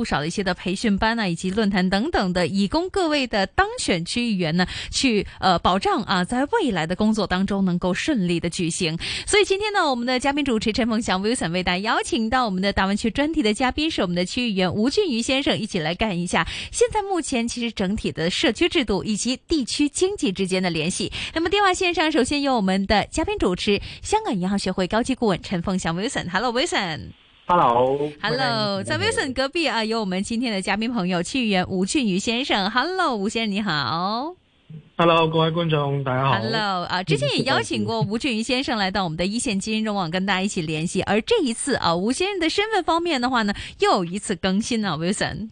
不少的一些的培訓班啊，以及論壇等等的，以供各位的當選區議員呢，去呃保障啊，在未來的工作當中能夠順利的舉行。所以今天呢，我們的嘉賓主持陳鳳翔 Wilson 為大家邀請到我們的大灣區專題的嘉賓是我們的區議員伍俊瑜先生，一起來看一下現在目前其實整體的社區制度以及地區經濟之間的聯繫。那麼電話線上首先由我們的嘉賓主持香港銀行學會高級顧問陳鳳翔 Wilson，Hello Wilson。Wilson. hello，hello，Hello, 在 Wilson 隔壁啊，有我們今天的嘉賓朋友，區議員伍俊瑜先生，hello，伍先生你好，hello，各位觀眾大家好，hello 啊，之前也邀請過伍俊瑜先生來到我們的一線金融網跟大家一起聯繫，而這一次啊，伍先生的身份方面的話呢，又有一次更新啊，Wilson，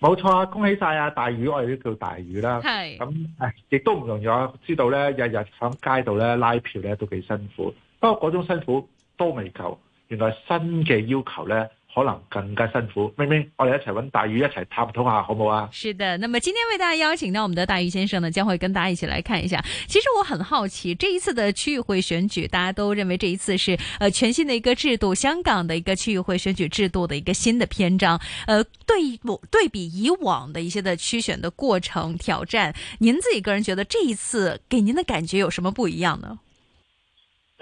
冇錯啊，恭喜晒啊，大魚我哋都叫大魚啦，係、hey. 嗯，咁、哎、誒，亦都唔容易啊，知道咧日日上街度咧拉票咧都幾辛苦，不過嗰種辛苦都未夠。原來新嘅要求呢，可能更加辛苦。明明，我哋一齊揾大瑜一齊探討下，好唔好啊？是的，那麼今天為大家邀請到我們的大瑜先生呢，將會跟大家一起來看一下。其實我很好奇，這一次的區議會選舉，大家都認為這一次是，呃，全新的一個制度，香港的一個區議會選舉制度的一個新的篇章。呃，對，我對比以往的一些的區選的過程挑戰，您自己個人覺得這一次給您的感覺有什麼不一樣呢？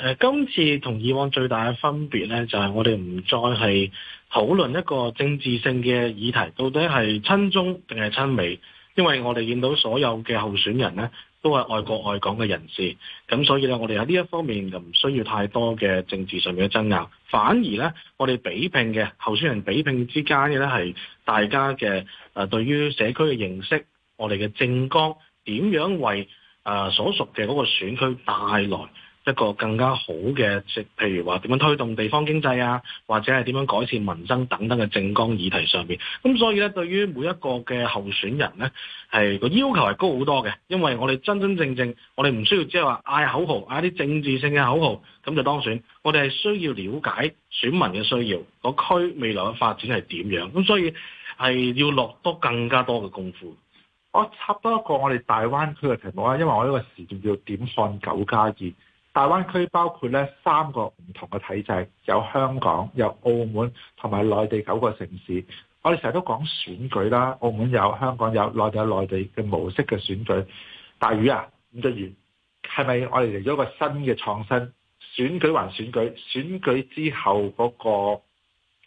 呃、今次同以往最大嘅分別呢，就係、是、我哋唔再係討論一個政治性嘅議題，到底係親中定係親美。因為我哋見到所有嘅候選人呢，都係愛國愛港嘅人士，咁所以呢，我哋喺呢一方面就唔需要太多嘅政治上面嘅爭拗。反而呢，我哋比拼嘅候選人比拼之間嘅呢，係大家嘅誒、呃、對於社區嘅認識，我哋嘅政綱點樣為誒、呃、所屬嘅嗰個選區帶來一個更加好嘅，即譬如話點樣推動地方經濟啊，或者係點樣改善民生等等嘅政綱議題上面。咁所以咧，對於每一個嘅候選人咧，係個要求係高好多嘅，因為我哋真真正正，我哋唔需要即係話嗌口號，嗌啲政治性嘅口號咁就當選。我哋係需要了解選民嘅需要，個區未來嘅發展係點樣。咁所以係要落多更加多嘅功夫。我、哦、插多一個我哋大灣區嘅題目啊，因為我呢個時段叫點看九加二。大灣區包括咧三個唔同嘅體制，有香港、有澳門同埋內地九個城市。我哋成日都講選舉啦，澳門有，香港有，內地有內地嘅模式嘅選舉。大魚啊，伍俊瑜，係咪我哋嚟咗個新嘅創新選舉？還選舉？選舉之後嗰個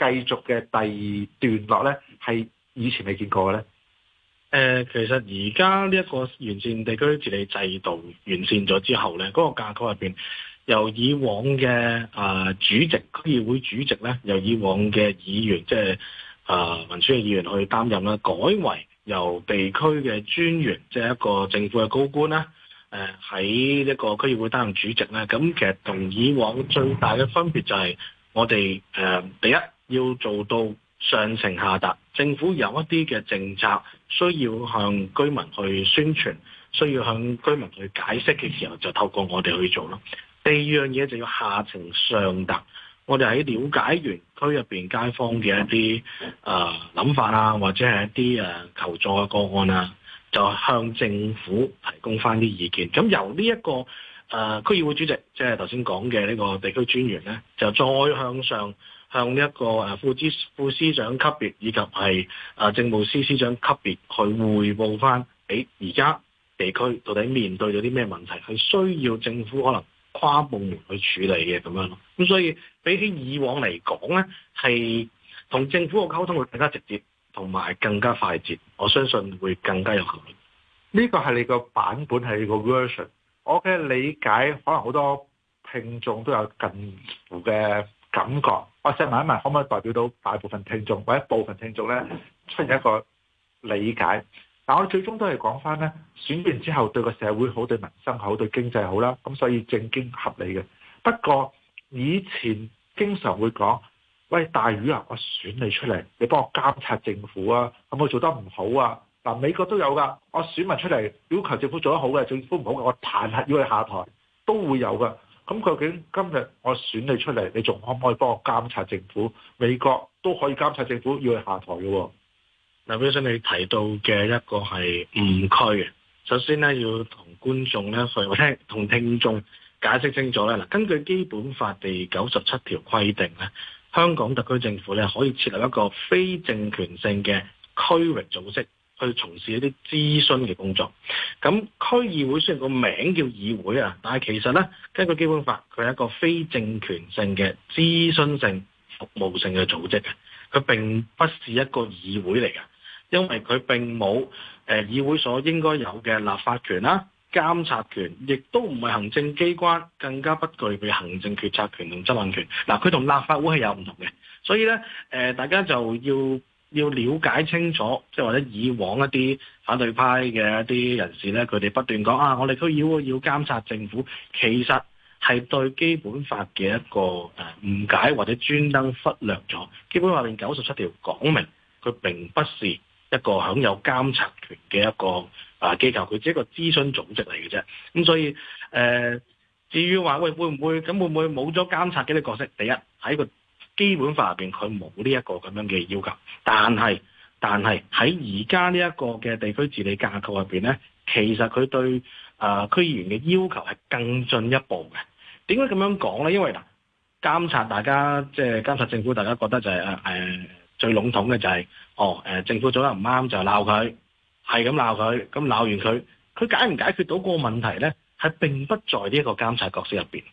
繼續嘅第二段落咧，係以前未見過嘅咧？誒、呃，其實而家呢一個完善地區治理制度完善咗之後咧，嗰、那個架構入邊，由以往嘅啊、呃、主席區議會主席咧，由以往嘅議員即係啊民選嘅議員去擔任啦，改為由地區嘅專員即係、就是、一個政府嘅高官啦，誒、呃、喺一個區議會擔任主席咧。咁其實同以往最大嘅分別就係我哋誒、呃、第一要做到。上情下達，政府有一啲嘅政策需要向居民去宣傳，需要向居民去解釋嘅時候，就透過我哋去做咯。第二樣嘢就要下情上達，我哋喺了解完區入面街坊嘅一啲誒諗法啊，或者係一啲、呃、求助嘅個案啊，就向政府提供翻啲意見。咁由呢、這、一個誒、呃、區議會主席，即係頭先講嘅呢個地區專員咧，就再向上。向呢一個副司副司長級別以及係政務司司長級別去匯報翻，俾而家地區到底面對咗啲咩問題，係需要政府可能跨部門去處理嘅咁樣咯。咁所以比起以往嚟講咧，係同政府嘅溝通會更加直接，同埋更加快捷。我相信會更加有效。呢個係你個版本，係你個 version。我嘅理解可能好多聽眾都有近乎嘅。感覺，我想問一問，可唔可以代表到大部分聽眾或者部分聽眾咧出現一個理解？但我最終都係講翻咧，選完之後對個社會好，對民生好，對經濟好啦。咁所以正經合理嘅。不過以前經常會講，喂，大魚啊，我選你出嚟，你幫我監察政府啊，有冇做得唔好啊？嗱，美國都有㗎，我選民出嚟要求政府做得好嘅，政府唔好嘅，我彈劾要去下台，都會有㗎。咁究竟今日我選你出嚟，你仲可唔可以幫我監察政府？美國都可以監察政府，要去下台嘅、哦。嗱，我想你提到嘅一個係誤區嘅。首先咧，要同觀眾咧去同聽眾解釋清楚咧。嗱，根據基本法第九十七條規定咧，香港特區政府咧可以設立一個非政權性嘅區域組織。去從事一啲諮詢嘅工作，咁區議會雖然個名叫議會啊，但係其實呢，根據基本法，佢係一個非政權性嘅諮詢性服務性嘅組織嘅，佢並不是一個議會嚟嘅，因為佢並冇誒議會所應該有嘅立法權啦、監察權，亦都唔係行政機關，更加不具備行政決策權同執行權。嗱，佢同立法會係有唔同嘅，所以呢，大家就要。要了解清楚，即係或者以往一啲反對派嘅一啲人士呢，佢哋不斷講啊，我哋都要要監察政府，其實係對基本法嘅一個誒誤解或者專登忽略咗。基本法第九十七條講明，佢並不是一個享有監察權嘅一個啊機構，佢只係一個諮詢組織嚟嘅啫。咁所以誒、呃，至於話喂會唔會咁會唔會冇咗監察嘅呢個角色？第一喺個。基本法入邊佢冇呢一個咁樣嘅要求，但係，但係喺而家呢一個嘅地區治理架構入邊咧，其實他對，佢對誒區議員嘅要求係更進一步嘅。點解咁樣講咧？因為嗱，監察大家即係監察政府，大家覺得就係誒誒最籠統嘅就係、是、哦誒、呃、政府做得唔啱就鬧佢，係咁鬧佢，咁鬧完佢，佢解唔解決到個問題題咧？係並不在呢一個監察角色入邊，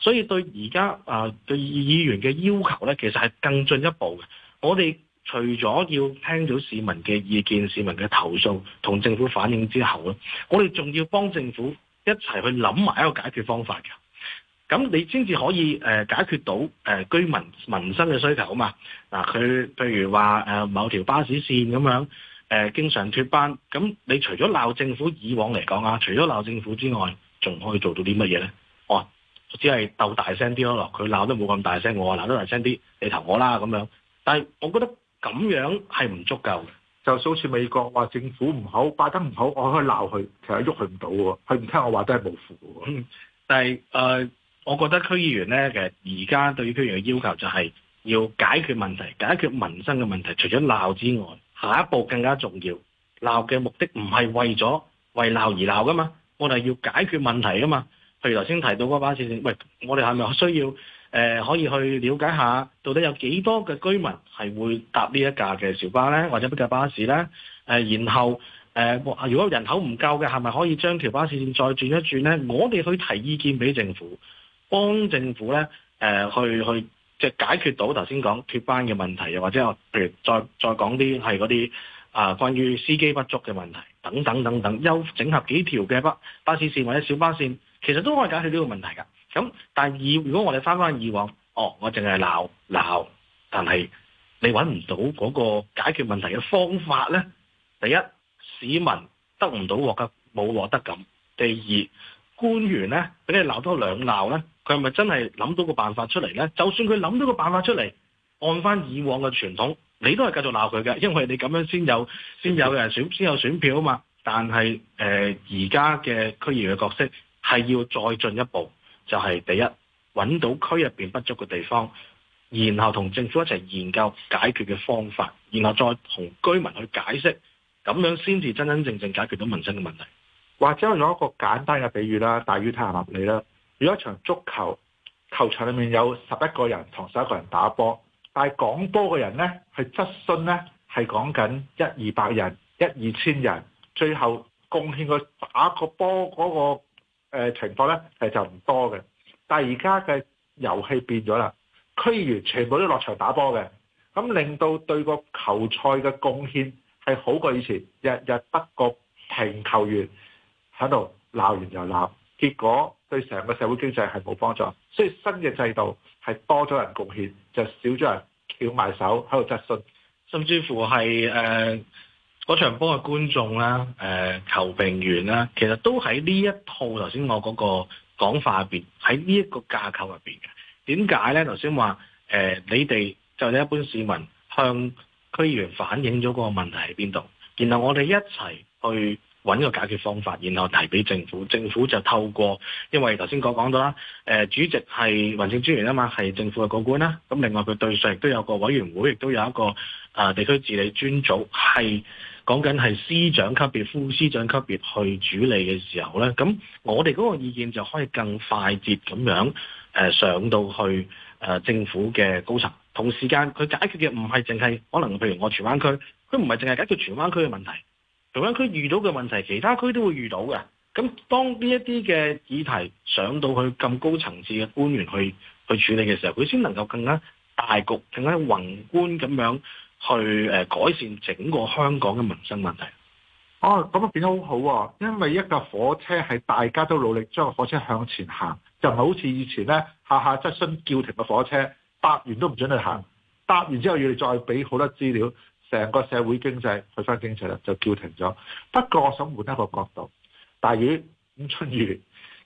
所以對而家啊對議員嘅要求咧，其實係更進一步嘅。我哋除咗要聽到市民嘅意見、市民嘅投訴同政府反映之後咧，我哋仲要幫政府一齊去諗埋一個解決方法嘅。咁你先至可以、呃、解決到、呃、居民民生嘅需求啊嘛。嗱，佢譬如話、呃、某條巴士線咁樣誒、呃、經常脫班，咁你除咗鬧政府以往嚟講啊，除咗鬧政府之外，仲可以做到啲乜嘢咧？哦、啊，只係鬥大聲啲咯，佢鬧都冇咁大聲，我話鬧得大聲啲，你投我啦咁樣。但係我覺得咁樣係唔足夠嘅。就好似美國話政府唔好，敗得唔好，我可以鬧佢，其實喐佢唔到喎，佢唔聽我話都係冇符嘅。但係誒、呃，我覺得區議員咧，其實而家對於區議員嘅要求就係要解決問題，解決民生嘅問題。除咗鬧之外，下一步更加重要。鬧嘅目的唔係為咗為鬧而鬧噶嘛。我哋要解決問題噶嘛？譬如頭先提到嗰巴士線，喂，我哋係咪需要、呃、可以去了解下，到底有幾多嘅居民係會搭呢一架嘅小巴咧，或者邊架巴士咧、呃？然後、呃、如果人口唔夠嘅，係咪可以將條巴士線再轉一轉咧？我哋去提意見俾政府，幫政府咧、呃、去去即係解決到頭先講脫班嘅問題，又或者我譬如再再講啲係嗰啲。啊，關於司機不足嘅問題，等等等等，又整合幾條嘅巴巴士線或者小巴線，其實都可以解決呢個問題㗎。咁第二，如果我哋翻翻以往，哦，我淨係鬧鬧，但係你揾唔到嗰個解決問題嘅方法呢？第一，市民得唔到獲得，冇獲得感。第二，官員呢俾你鬧多兩鬧呢，佢係咪真係諗到個辦法出嚟呢？就算佢諗到個辦法出嚟，按翻以往嘅傳統。你都係繼續鬧佢嘅，因為你咁樣先有先有人選，先有選票啊嘛。但係誒，而家嘅區議員嘅角色係要再進一步，就係、是、第一揾到區入面不足嘅地方，然後同政府一齊研究解決嘅方法，然後再同居民去解釋，咁樣先至真真正正解決到民生嘅問題。或者我用一個簡單嘅比喻啦，大於太合理啦。如果一場足球球場裏面有十一個人同十一個人打波。但係講波嘅人咧，係質詢咧，係講緊一二百人、一二千人，最後貢獻佢打個波嗰個情況咧，係就唔多嘅。但係而家嘅遊戲變咗啦，區議員全部都落場打波嘅，咁令到對個球賽嘅貢獻係好過以前，日日得個平球員喺度鬧完又鬧。結果對成個社會經濟係冇幫助，所以新嘅制度係多咗人貢獻，就少咗人翹埋手喺度質詢，甚至乎係誒嗰場波嘅觀眾啦、啊、誒、呃、球評員啦、啊，其實都喺呢一套頭先我嗰個講法入邊，喺呢一個架構入邊嘅。點解咧？頭先話誒你哋就係、是、一般市民向區議員反映咗個問題喺邊度，然後我哋一齊去。揾個解決方法，然後提俾政府，政府就透過，因為頭先講到啦，主席係民政專員啊嘛，係政府嘅高官啦，咁另外佢對上亦都有個委員會，亦都有一個啊、呃、地區治理專組，係講緊係司長級別、副司長級別去處理嘅時候呢。咁我哋嗰個意見就可以更快捷咁樣、呃、上到去誒、呃、政府嘅高層，同時間佢解決嘅唔係淨係可能譬如我荃灣區，佢唔係淨係解決荃灣區嘅問題。同樣佢遇到嘅問題，其他區都會遇到嘅。咁當呢一啲嘅議題上到去咁高層次嘅官員去去處理嘅時候，佢先能夠更加大局、更加宏觀咁樣去改善整個香港嘅民生問題。哦、啊，咁啊變得好好、啊、喎！因為一架火車係大家都努力將個火車向前行，就唔係好似以前呢，下下質詢叫停個火車，搭完都唔准去行，搭完之後要你再俾好多資料。成個社會經濟去翻經濟啦，就叫停咗。不過我想換一個角度，大魚咁俊瑜，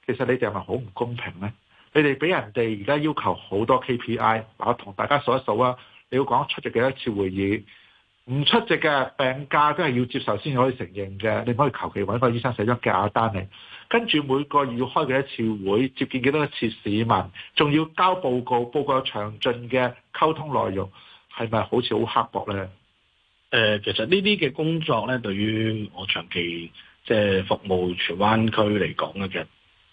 其實你哋係咪好唔公平咧？你哋俾人哋而家要求好多 KPI，我同大家數一數啊。你要講出席幾多次會議，唔出席嘅病假都係要接受先可以承認嘅，你唔可以求其揾個醫生寫張假單嚟。跟住每個月要開幾多次會，接見幾多次市民，仲要交報告，報告詳盡嘅溝通內容，係咪好似好刻薄咧？誒，其實呢啲嘅工作咧，對於我長期即係服務荃灣區嚟講咧，其實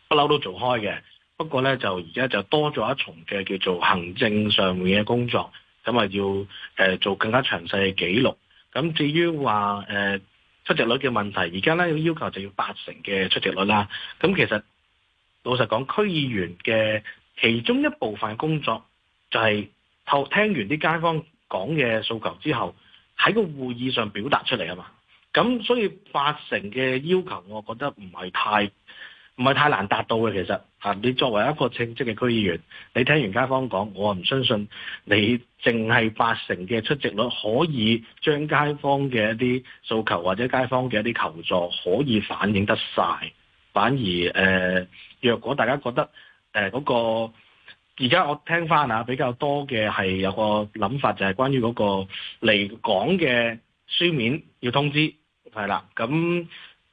不嬲都做開嘅。不過咧，就而家就多咗一重嘅叫做行政上面嘅工作，咁啊要誒做更加詳細嘅記錄。咁至於話誒出席率嘅問題，而家咧要求就要八成嘅出席率啦。咁其實老實講，區議員嘅其中一部分工作就係、是、透聽完啲街坊講嘅訴求之後。喺個會議上表達出嚟啊嘛，咁所以八成嘅要求，我覺得唔係太，唔係太難達到嘅其實啊。你作為一個稱職嘅區議員，你聽完街坊講，我唔相信你淨係八成嘅出席率可以將街坊嘅一啲訴求或者街坊嘅一啲求助可以反映得曬。反而誒、呃、若果大家覺得誒嗰、呃嗰個。而家我聽翻啊，比較多嘅係有個諗法，就係關於嗰個嚟港嘅書面要通知，係啦，咁誒、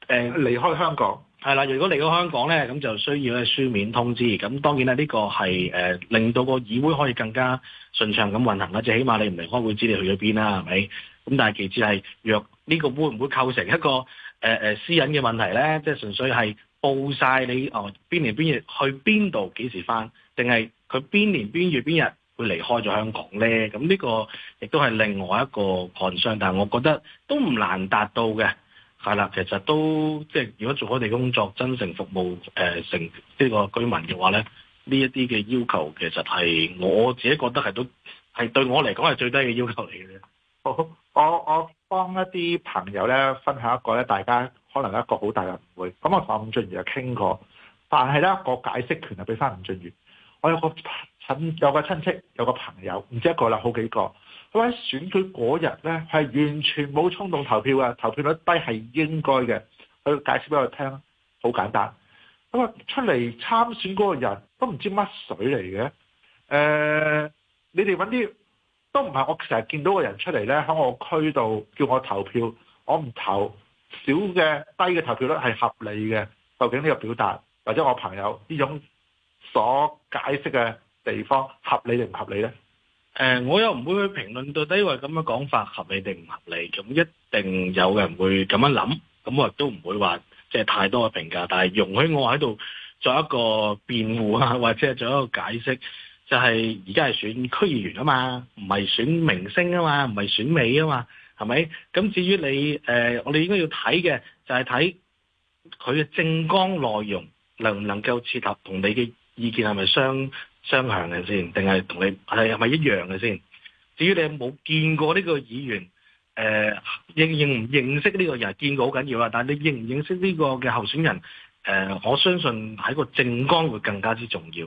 呃、離開香港係啦。如果離開香港咧，咁就需要咧書面通知。咁當然咧，呢個係令到個議會可以更加順暢咁運行啦。最起碼你唔離開會知你去咗邊啦，係咪？咁但係其次係，若呢、呢個會唔會構成一個誒、呃、私隱嘅問題咧？即、就、係、係、純粹係報晒你哦邊年邊月去邊度幾時翻，定係？佢邊年邊月邊日會離開咗香港咧？咁呢個亦都係另外一個 concern，但係我覺得都唔難達到嘅，係啦。其實都即係如果做好我哋工作，真正服務、呃、成呢、這個居民嘅話咧，呢一啲嘅要求其實係我自己覺得係都係對我嚟講係最低嘅要求嚟嘅。好，我我幫一啲朋友咧分享一個咧，大家可能一個好大嘅誤會。咁我同伍俊瑜就傾過，但係咧個解釋權係俾翻伍俊瑜。我有個親，有個親戚，有個朋友，唔知一個啦，好幾個。佢喺選舉嗰日呢，係完全冇衝動投票嘅，投票率低係應該嘅。佢解釋俾我聽，好簡單。咁啊，出嚟參選嗰個人都唔知乜水嚟嘅。誒、呃，你哋揾啲都唔係我成日見到個人出嚟呢，喺我區度叫我投票，我唔投，少嘅低嘅投票率係合理嘅。究竟呢個表達，或者我朋友呢種所解釋嘅地方合理定唔合理呢？誒、呃，我又唔會去評論到底為咁嘅講法合理定唔合理。咁一定有人會咁樣諗，咁我亦都唔會話即係太多嘅評價。但係容許我喺度作一個辯護啊，或者係作一個解釋，就係而家係選區議員啊嘛，唔係選明星啊嘛，唔係選美啊嘛，係咪？咁至於你誒、呃，我哋應該要睇嘅就係睇佢嘅政綱內容能唔能夠切合同你嘅。意見係咪雙雙向嘅先，定係同你係係咪一樣嘅先？至於你有冇見過呢個議員，誒、呃、認認唔認識呢個人見過好緊要啦。但係你認唔認識呢個嘅候選人，誒、呃、我相信喺個政綱會更加之重要。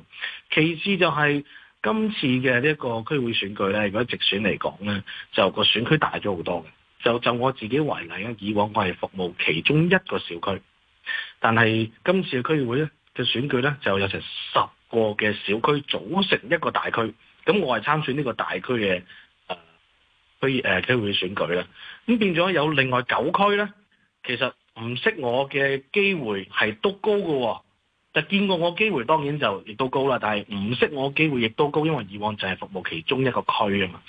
其次就係今次嘅呢一個區議會選舉咧，如果直選嚟講咧，就個選區大咗好多嘅。就就我自己為例啊，以往我係服務其中一個小區，但係今次嘅區議會咧，嘅選舉呢，就有成十個嘅小區組成一個大區，咁我係參選呢個大區嘅誒、呃、區議會、呃、選舉啦。咁變咗有另外九區呢。其實唔識我嘅機會係都高喎、哦。就見過我機會當然就亦都高啦，但係唔識我機會亦都高，因為以往就係服務其中一個區啊嘛。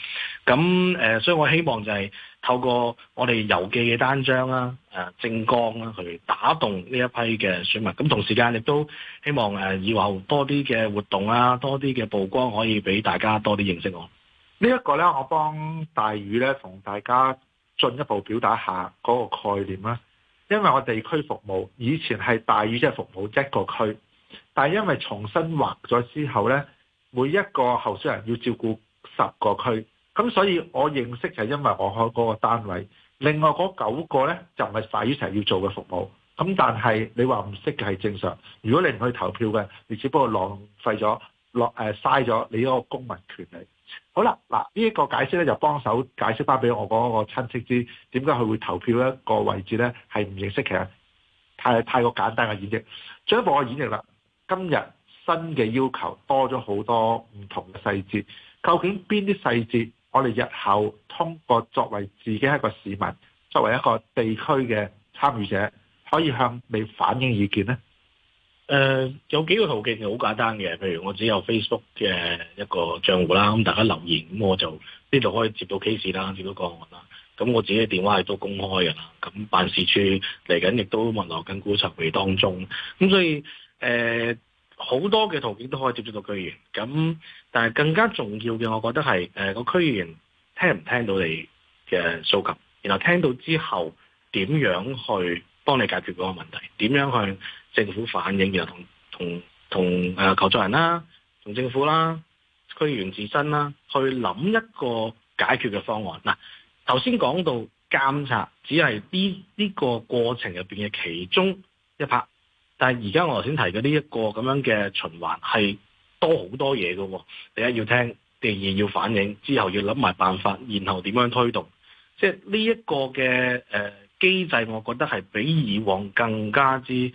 咁誒、呃，所以我希望就係透過我哋郵寄嘅單張啦、啊，誒、啊、政綱啦、啊，去打動呢一批嘅選民。咁同時間亦都希望誒、啊、以後多啲嘅活動啊，多啲嘅曝光，可以俾大家多啲認識我、這個、呢一個咧。我幫大宇咧同大家進一步表達下嗰個概念啦，因為我地區服務以前係大宇即係服務一個區，但係因為重新劃咗之後咧，每一個候選人要照顧十個區。咁所以，我認識就係因為我喺嗰個單位。另外嗰九個咧，就唔係一齊要做嘅服務。咁但係你話唔識嘅係正常。如果你唔去投票嘅，你只不過浪費咗，落嘥咗你嗰個公民權利。好啦，嗱呢一個解釋咧，就幫手解釋翻俾我嗰個親戚知點解佢會投票一個位置咧，係唔認識其實太太過簡單嘅演繹。進一步嘅演繹啦，今日新嘅要求多咗好多唔同嘅細節，究竟邊啲細節？我哋日後通過作為自己一個市民，作為一個地區嘅參與者，可以向你反映意見呢誒、呃，有幾個途徑，其實好簡單嘅，譬如我只有 Facebook 嘅一個賬戶啦，咁大家留言，咁我就呢度可以接到 case 啦，接到個案啦。咁我自己嘅電話係都公開噶啦，咁辦事處嚟緊亦都問落緊估籌備當中，咁所以誒。呃好多嘅途徑都可以接觸到區議員，咁但係更加重要嘅，我覺得係誒個區議員聽唔聽到你嘅訴求，然後聽到之後點樣去幫你解決嗰個問題，點樣向政府反映，然後同同同誒、呃、求助人啦、同政府啦、區議員自身啦，去諗一個解決嘅方案。嗱，頭先講到監察只，只係呢呢個過程入邊嘅其中一拍。但係而家我頭先提嘅呢一個咁樣嘅循環係多好多嘢嘅喎，第一要聽，第二要反映，之後要諗埋辦法，然後點樣推動，即係呢一個嘅誒、呃、機制，我覺得係比以往更加之誒、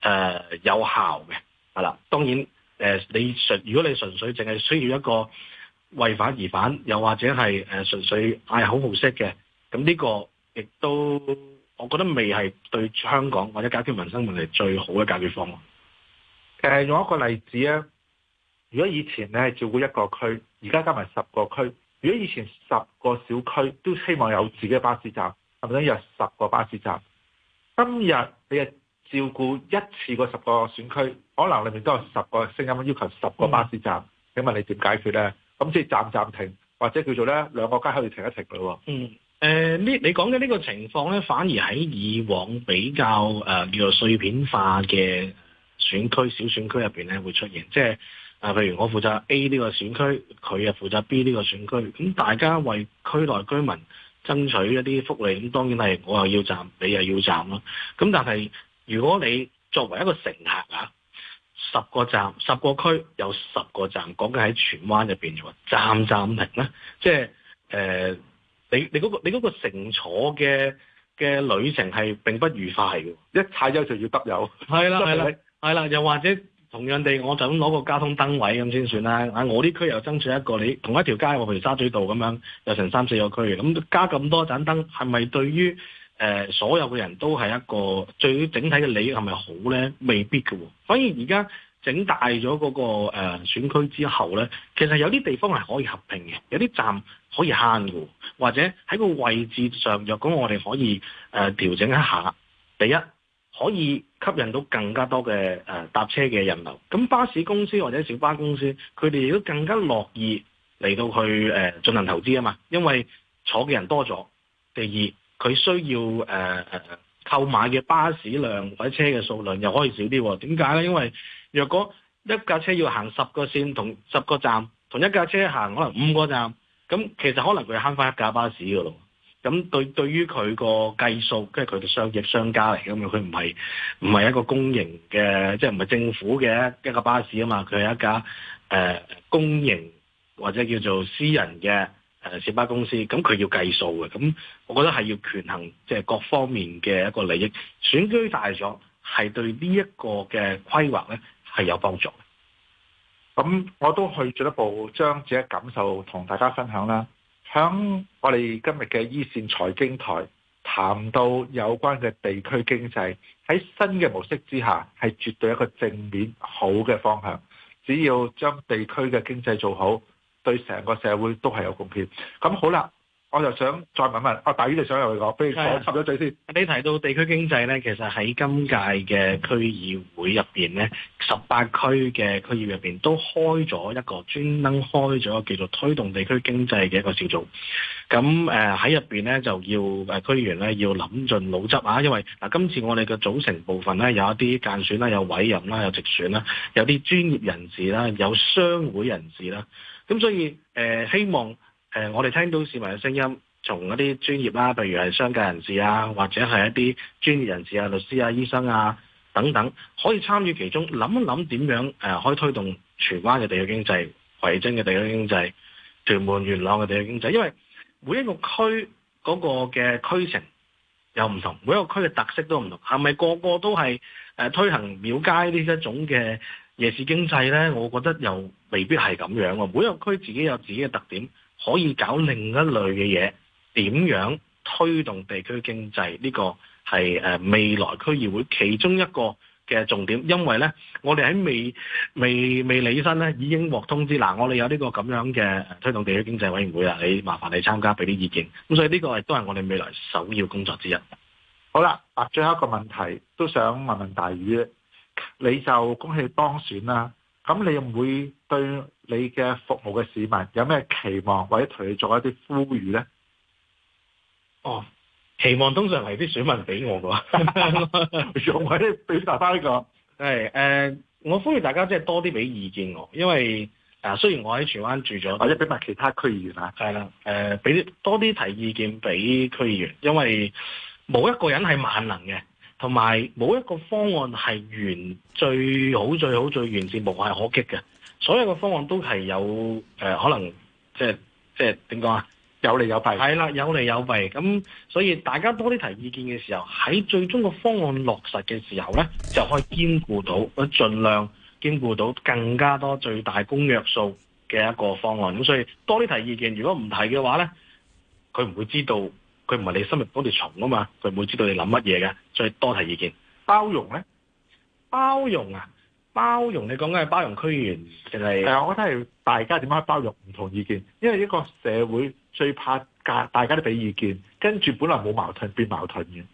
呃、有效嘅，係啦。當然誒、呃，你純如果你純粹淨係需要一個為反而反，又或者係誒、呃、純粹嗌口號式嘅，咁、哎、呢個亦都。我覺得未係對香港或者解決民生問題最好嘅解決方案。誒、呃，用一個例子咧，如果以前咧係照顧一個區，而家加埋十個區。如果以前十個小區都希望有自己嘅巴士站，係咪先有十個巴士站？今日你係照顧一次過十個選區，可能裏面都有十個聲音要求十個巴士站，請、嗯、問你點解決咧？咁即係站站停，或者叫做咧兩個街口要停一停咯、啊。嗯。誒、呃、呢？你講嘅呢個情況呢，反而喺以往比較誒、呃、叫做碎片化嘅選區、小選區入邊呢，會出現。即係啊、呃，譬如我負責 A 呢個選區，佢又負責 B 呢個選區。咁大家為區內居民爭取一啲福利，當然係我又要站，你又要站啦。咁但係如果你作為一個乘客啊，十個站、十個區有十個站，講緊喺荃灣入邊嘅話站站停咧，即係誒。呃你、嗰個、你嗰個你嗰個乘坐嘅嘅旅程係並不愉快嘅，一踩油就要耷油。係啦係啦係啦，又或者同樣地，我就咁攞個交通燈位咁先算啦。啊，我呢區又爭取一個，你同一條街，我譬如沙咀道咁樣有成三四個區，咁加咁多盞燈，係咪對於誒、呃、所有嘅人都係一個最整體嘅利益係咪好咧？未必喎。反而而家。整大咗嗰、那個誒、呃、選區之後呢，其實有啲地方係可以合併嘅，有啲站可以慳嘅，或者喺個位置上，若果我哋可以誒調、呃、整一下，第一可以吸引到更加多嘅誒、呃、搭車嘅人流，咁巴士公司或者小巴公司，佢哋亦都更加樂意嚟到去誒進、呃、行投資啊嘛，因為坐嘅人多咗。第二，佢需要誒購、呃、買嘅巴士量或者車嘅數量又可以少啲，哦，點解呢？因為若果一架車要行十個線同十個站，同一架車行可能五個站，咁其實可能佢慳翻一架巴士噶咯。咁對對於佢個計數，即係佢哋商業商家嚟咁嘛，佢唔係唔係一個公營嘅，即係唔係政府嘅一個巴士啊嘛，佢係一架誒、呃、公營或者叫做私人嘅誒小巴公司，咁佢要計數嘅。咁我覺得係要權衡即係、就是、各方面嘅一個利益，選區大咗係對呢一個嘅規劃咧。係有幫助，咁、嗯、我都去進一步將自己感受同大家分享啦。響我哋今日嘅依線財經台談到有關嘅地區經濟喺新嘅模式之下，係絕對一個正面好嘅方向。只要將地區嘅經濟做好，對成個社會都係有貢獻。咁、嗯、好啦。我就想再問問，啊大宇你想入去講？不如說我插咗嘴先。你提到地區經濟咧，其實喺今屆嘅區議會入邊咧，十八區嘅區議入邊都開咗一個專登開咗一個叫做推動地區經濟嘅一個小組。咁誒喺入邊咧就要誒區議員咧要諗盡腦汁啊！因為嗱、啊，今次我哋嘅組成部分咧有一啲間選啦，有委任啦，有直選啦，有啲專業人士啦，有商會人士啦。咁所以誒、呃、希望。誒、呃，我哋聽到市民嘅聲音，從一啲專業啦，譬如係商界人士啊，或者係一啲專業人士啊、律師啊、醫生啊等等，可以參與其中，諗一諗點樣、呃、可以推動荃灣嘅地區經濟、葵青嘅地區經濟、屯門元朗嘅地區經濟。因為每一個區嗰個嘅區城有唔同，每一個區嘅特色都唔同，係咪個個都係、呃、推行廟街呢一種嘅夜市經濟呢？我覺得又未必係咁樣。每一個區自己有自己嘅特點。可以搞另一類嘅嘢，點樣推動地區經濟？呢個係未來區議會其中一個嘅重點，因為呢，我哋喺未未未理身呢已經獲通知嗱，我哋有呢個咁樣嘅推動地區經濟委員會啦，你麻煩你參加，俾啲意見。咁所以呢個係都係我哋未來首要工作之一。好啦，最後一個問題都想問問大宇，你就恭喜當選啦！咁你又唔會對你嘅服務嘅市民有咩期望，或者同你做一啲呼籲咧？哦，期望通常係啲選民俾我嘅， 用為啲表達返呢個係誒，我呼籲大家即係多啲俾意見我，因為啊雖然我喺荃灣住咗，或者俾埋其他區議員啊，係啦誒，俾、呃、多啲提意見俾區議員，因為冇一個人係萬能嘅。同埋冇一個方案係完最好、最好、最完善無懈可擊嘅，所有嘅方案都係有誒，可能即係即係點講啊？有利有弊。係啦， 有利有弊。咁所以大家多啲提意見嘅時候，喺最終個方案落實嘅時候呢，就可以兼顧到，盡量兼顧到更加多最大公約數嘅一個方案。咁所以多啲提意見。如果唔提嘅話呢，佢唔會知道，佢唔係你心入嗰條蟲啊嘛，佢唔會知道你諗乜嘢嘅。多提意見，包容呢？包容啊，包容！你講緊係包容區議員，定係？我覺得係大家點樣包容唔同意見，因為一個社會最怕大家都俾意見，跟住本來冇矛盾變矛盾嘅。誒、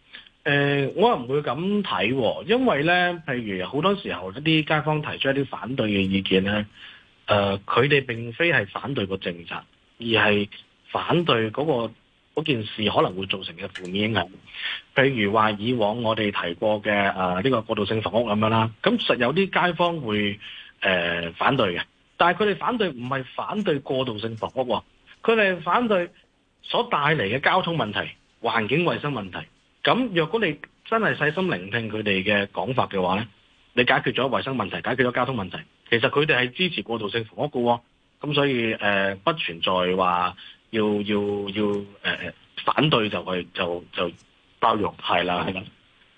呃，我又唔會咁睇、啊，因為呢，譬如好多時候一啲街坊提出一啲反對嘅意見呢，誒、嗯，佢、呃、哋並非係反對個政策，而係反對嗰、那個。嗰件事可能會造成嘅負面影響，譬如話以往我哋提過嘅誒呢個過渡性房屋咁樣啦，咁實有啲街坊會、呃、反對嘅，但係佢哋反對唔係反對過渡性房屋，佢哋反對所帶嚟嘅交通問題、環境衛生問題。咁若果你真係細心聆聽佢哋嘅講法嘅話呢，你解決咗衛生問題、解決咗交通問題，其實佢哋係支持過渡性房屋喎。咁所以、呃、不存在話。要要要誒反對就去就就包容。係啦係啦，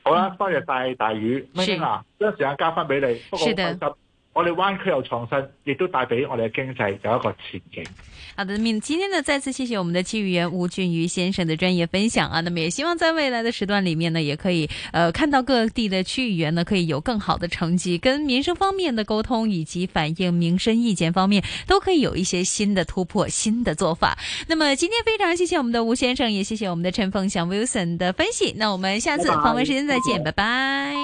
好啦，多謝大大瑜先啦，一陣時間交翻俾你，不過我哋灣區有創新，亦都帶俾我哋嘅經濟有一個前景。好的，咁今天呢，再次謝謝我們的區議員伍俊瑜先生嘅專業分享啊！咁也希望在未來的時段裏面呢，也可以，呃，看到各地的區議員呢，可以有更好的成績，跟民生方面的溝通以及反映民生意見方面，都可以有一些新的突破、新的做法。咁今天非常謝謝我們的伍先生，也謝謝我們的陳鳳祥 Wilson 嘅分析。那我們下次訪問時間再見，拜拜。